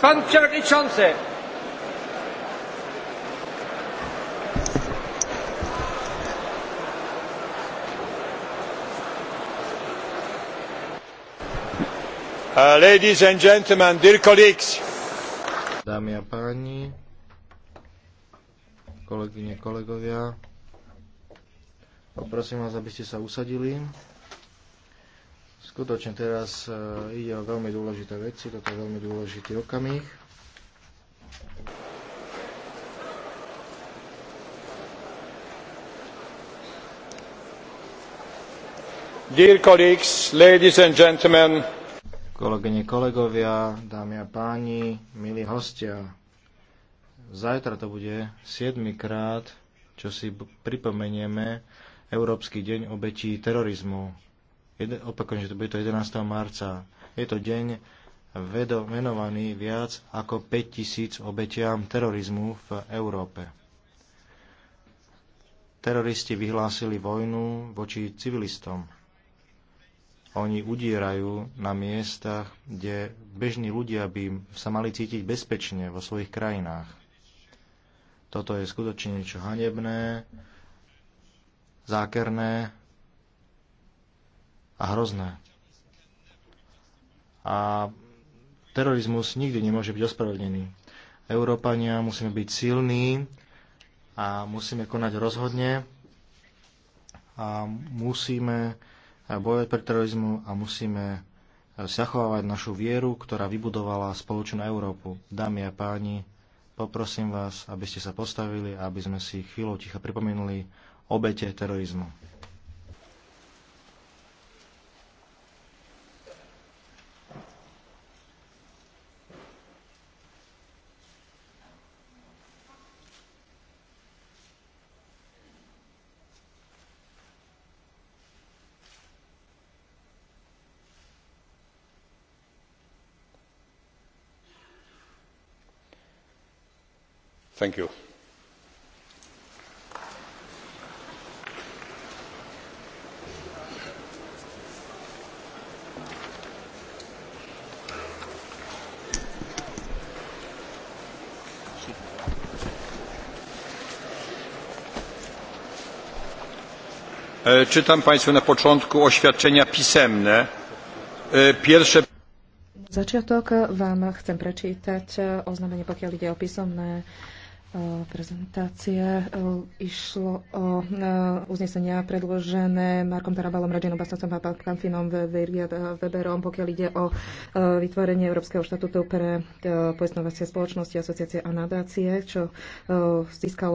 Pan Przewodniczący! Uh, ladies and gentlemen, dear colleagues. Dámy a páni, kolegyne, kolegovia, poprosím vás, aby ste sa usadili. Skutočne teraz e, ide o veľmi dôležité veci, toto je veľmi dôležitý okamih. Dear colleagues, ladies and gentlemen, Kolegyne, kolegovia, dámy a páni, milí hostia, zajtra to bude 7. krát, čo si pripomenieme Európsky deň obetí terorizmu opakujem, že to bude to 11. marca. Je to deň vedo, venovaný viac ako 5000 obetiam terorizmu v Európe. Teroristi vyhlásili vojnu voči civilistom. Oni udierajú na miestach, kde bežní ľudia by sa mali cítiť bezpečne vo svojich krajinách. Toto je skutočne niečo hanebné, zákerné a hrozné. A terorizmus nikdy nemôže byť ospravedlený. Európania musíme byť silní a musíme konať rozhodne a musíme bojovať pre terorizmu a musíme zachovávať našu vieru, ktorá vybudovala spoločnú Európu. Dámy a páni, poprosím vás, aby ste sa postavili a aby sme si chvíľou ticha pripomenuli obete terorizmu. thank you. E, czytam Państwu na początku oświadczenia pisemne. E, pierwsze... Začiatok vám chcem prečítať e, oznámenie, pokiaľ ide o písomné Eh, prezentácie eh, išlo o eh, uznesenia predložené Markom Tarabalom, Radženom Bastatom a Kamfinom Weberom, pokiaľ ide o vytvorenie Európskeho štatútu pre poistnovacie spoločnosti, asociácie a nadácie, čo získalo